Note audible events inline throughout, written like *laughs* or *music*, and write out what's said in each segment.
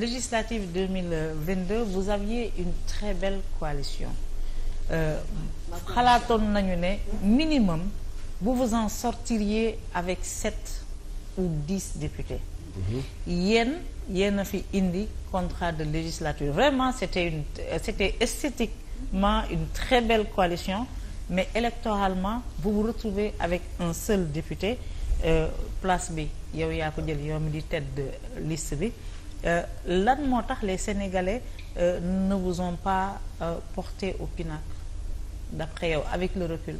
législative 2022 vous aviez une très belle coalition euh, xalaatoon nañu ne minimum vous vous en sortiriez avec sept ou dix députés mhm. yéen yéen a fi indi contra de législature vraiment c'était une c'était esthétiquement une très belle coalition mais électoralement vous vous retrouvez avec un seul député euh, place bi yow yaa ko jël yow liste bi Euh, lan moo tax les sénégalais euh, ne vous ont pas euh, porté au d'après yow avec le recul.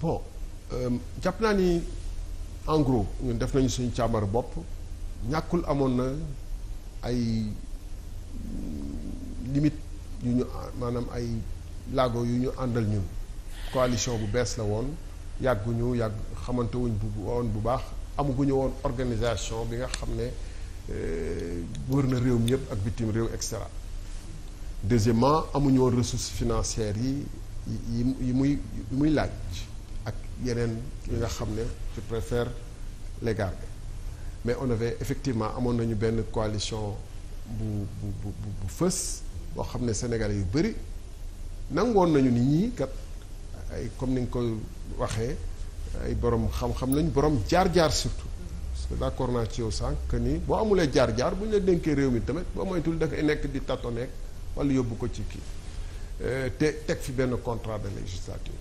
bon jàpp naa ni en ñun def nañu suñu càmbar bopp ñàkkul amoon na ay limite yu ñu maanaam ay laago yu ñu àndal ñun coalition bu bees la woon yàgguñu yàgg xamantewuñ wuñ bu woon bu baax amuguñu woon organisation bi nga xam ne. Euh, wër na réew mi yëpp ak bitim réew et cetera deuxièmement amuñu woon ressources financières yi yi yi muy yi muy laaj ak yeneen yi nga xam ne je préfère les garder mais on avait effectivement amoon nañu benn coalition bu bu bu fës boo xam ne sénégale yu bëri nangoon nañu ni ñii kat ay comme ni nga ko waxee ay borom xam-xam lañ borom jaar-jaar surtout. parce que d'accord naa ci yow sànq que ni boo amulee jaar-jaar bu ñu la dénkee réew mi tamit boo moytul da koy nekk di tâtonner wala yóbbu ko ci kii euh, te teg fi benn contrat de législature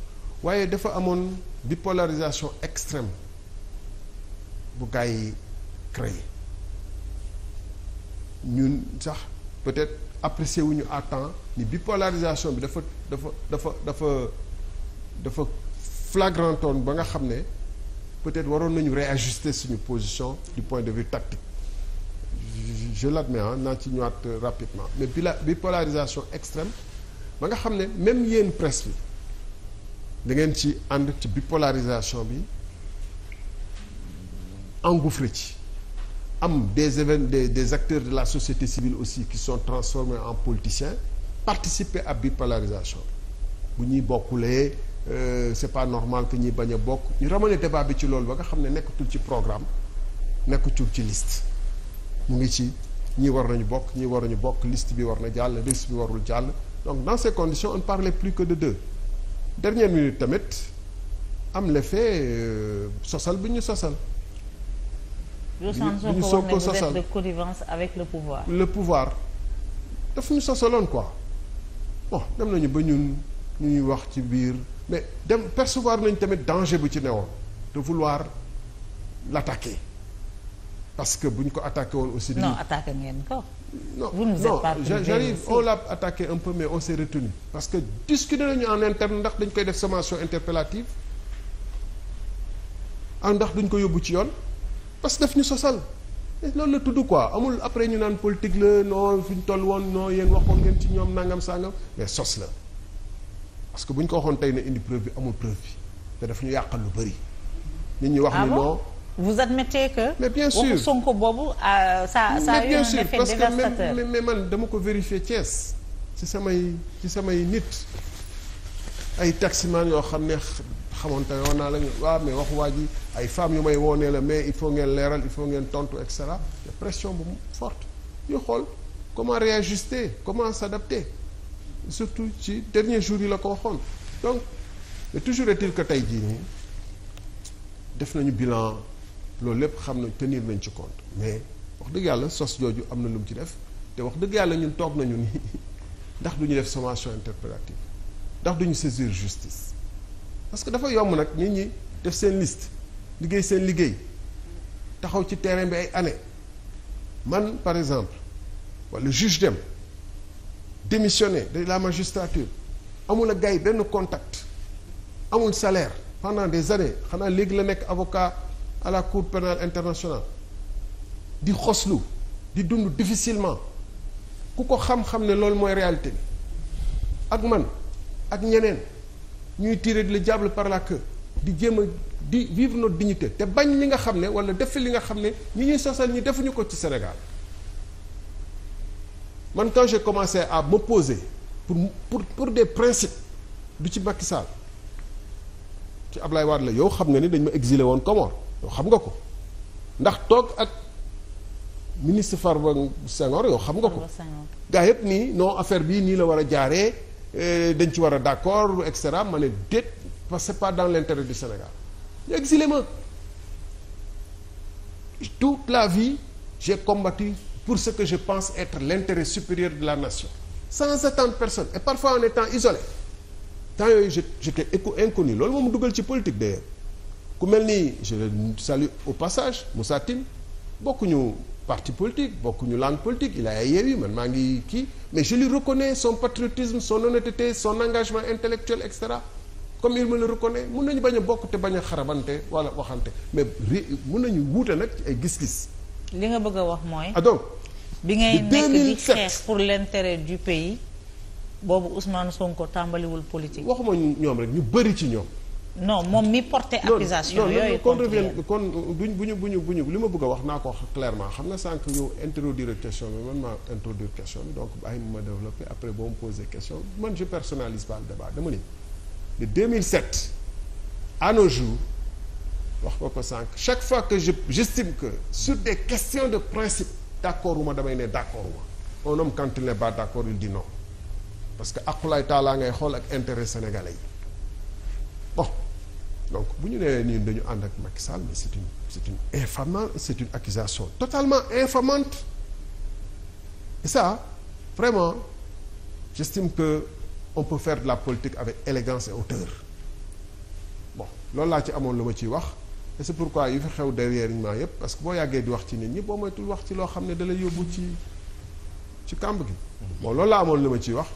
waaye dafa amoon bipolarisation extrême bu gars yi créé ñun sax peut-être apprécié wuñu à temps ni bi polarisation bi dafa dafa dafa dafa dafa flagrantoon ba nga xam ne peut-être waroon nañu réajuster suñu position du point de vue tactique je l'admets ah naa ci ñëwaat rapidement mais bi la bi polarisation extrême ba nga xam ne même yéen presse bi da ngeen ci ànd ci bipolarisation bi engouffré ci am des événements des des acteurs de la société civile aussi qui sont transformés en politiciens participer à bipolarisation bu ñuy bokkulee Euh, c'est pas normal que ñuy bañ a bokk ñu ramener débat bi ci loolu ba nga xam ne nekkatul ci programme nekkatul ci liste mu ngi ci ñi war nañu bokk ñi nañu bokk list bi war na jàll liste bi warul jàll donc dans ces conditions on ne plus que de deux dernière minute tamit am l'effet euh, sosal bi ñu sosal bi ñu sosal de ñu sosaloon quoi bon dem nañu ba ñun ñu ñuy wax ci biir mais dem percevoir nañ tamit danger bu ci newoon de vouloir l'attaquer parce que bu ñu ko attaqué woon aussi. non attaqué ngeen ko. non vous nous attaqué un peu mais on s'est retenu que discuter nañu en ndax dañ koy def sommation interpellative ah ndax duñ ko yóbbu ci yoon parce que daf ñu sosal loolu la tudd quoi amul après ñu naan politique la non fi ñu toll woon non yéen waxoon ngeen ci ñoom nangam sangam mais sos la. parce que bu ñu ko waxoon tey ne indi preuve bi amul preuve bi te daf ñu yàqal lu bëri. nit ñi wax ni ah non vous admettez que. mais bien sûr waxu Sonko boobu euh, ça ça a eu un effet dévastateur mais bien sûr parce que même mais man dama ko vérifier Thiès ci samay ci samay nit ay taximan yoo xam ne xamoon te woon naa la waaw mais waxu waa ji ay femmes yu may woonee la mais il faut ngeen leeral il faut ngeen tontu et cetera pression bu forte ñu xool comment réajuster comment s'adapter surtout ci dernier jour yi la ko waxoon donc toujours est-il que tey jii nii def nañu bilan loolu lépp xam na tenir nañ ci compte mais wax dëgg yàlla sos jooju am na lu ci def te wax dëgg yàlla ñun toog nañu ni *laughs* ndax du ñu def sommation interpellative ndax duñu ñu saisir justice parce que dafa yomb nag nit ñi def seen liste liggéey seen liggéey taxaw ci terrain bi ay années man par exemple wala juge dem démissionné de la magistrature amul a gars yi benn contact amul salaire pendant des années xanaa léegi la nekk avocat à la cour pénale internationale di xoslu di dund difficilement ku ko xam-xam ne loolu mooy réalité ak man ak ñeneen ñuy tiire tirer la diable par la queue di jéem a di vivre notre dignité te bañ li nga xam ne wala def li nga xam ne ñu ñuy sosal ñi defuñu ko ci Sénégal man quand j'ai commencé à m'opposer pour pour pour des principes du ci Macky Sall ci ab Ablaye Wade la yow xam nga ni dañ ma exilé woon Comores yow xam nga ko ndax toog ak ministre Farba Senghor yow xam nga ko gaa yëpp nii non affaire bii nii la war a jaaree eh, dañ ci war a d'accord et cetera ma ne déet parce que c'est pas dans l'intérêt du Sénégal ñu exilé ma toute la vie j'ai combattu pour ce que je pense être l'intérêt supérieur de la nation sans attendre personne et parfois en étant isolé temps yooyu j'étais inconnu loolu moom dugal ci politique d'ailleurs ku mel ni je le salue au passage Moussa Tine bokkuñu parti politique bokkuñu langue politique il a Yewwi man maa ngi kii mais je lui reconnais son patriotisme son honnêteté son engagement intellectuel et cetera comme il me le reconnaît mun nañu bañ a bokk te bañ a xarabante wala waxante mais mun nañu wuute nag ay gis-gis li nga bëgg a wax mooy. ah donc bi ngay nekk di xeex pour l'intérêt du pays boobu Ousmane Sonko tàmbaliwul politique. waxuma ñoom rek ñu bëri ci ñoom. non moom mi porté accusation yooyu kon kon duñ bu ñu bu ñu bu ñu li ma bëgg wax naa ko wax clairement xam nga sànq yow introduire question bi man maa introduire question bi donc bàyyi ma développer après boo ma poser question man je personnalise pas le débat dama ni de 2007 à nos jours. wax ko ko chaque fois que je que sur des questions de principe d'accord uma damay ne d'accord uma un homme quand il n'est pas d'accord il dit non parce que aqulaay taalaa ngay xool ak intéres sénégalais yi bon donc bu ñu nee nii dañu ànd ak Macky Sall mais c'est une c'est une infamante c'est une accusation totalement infamante et ça vraiment j'estime que on peut faire de la politique avec élégance et bon loolu laa ci amoon lu ma ciy wax et c'est pourquoi yu fi xew derrière ñun yëpp parce que boo yàggee di wax ci nit ñi boo moytul wax ci loo xam ne da lay yóbbu ci ci kàmb gi. Mm-hmm. bon loolu laa amoon li ma ciy wax.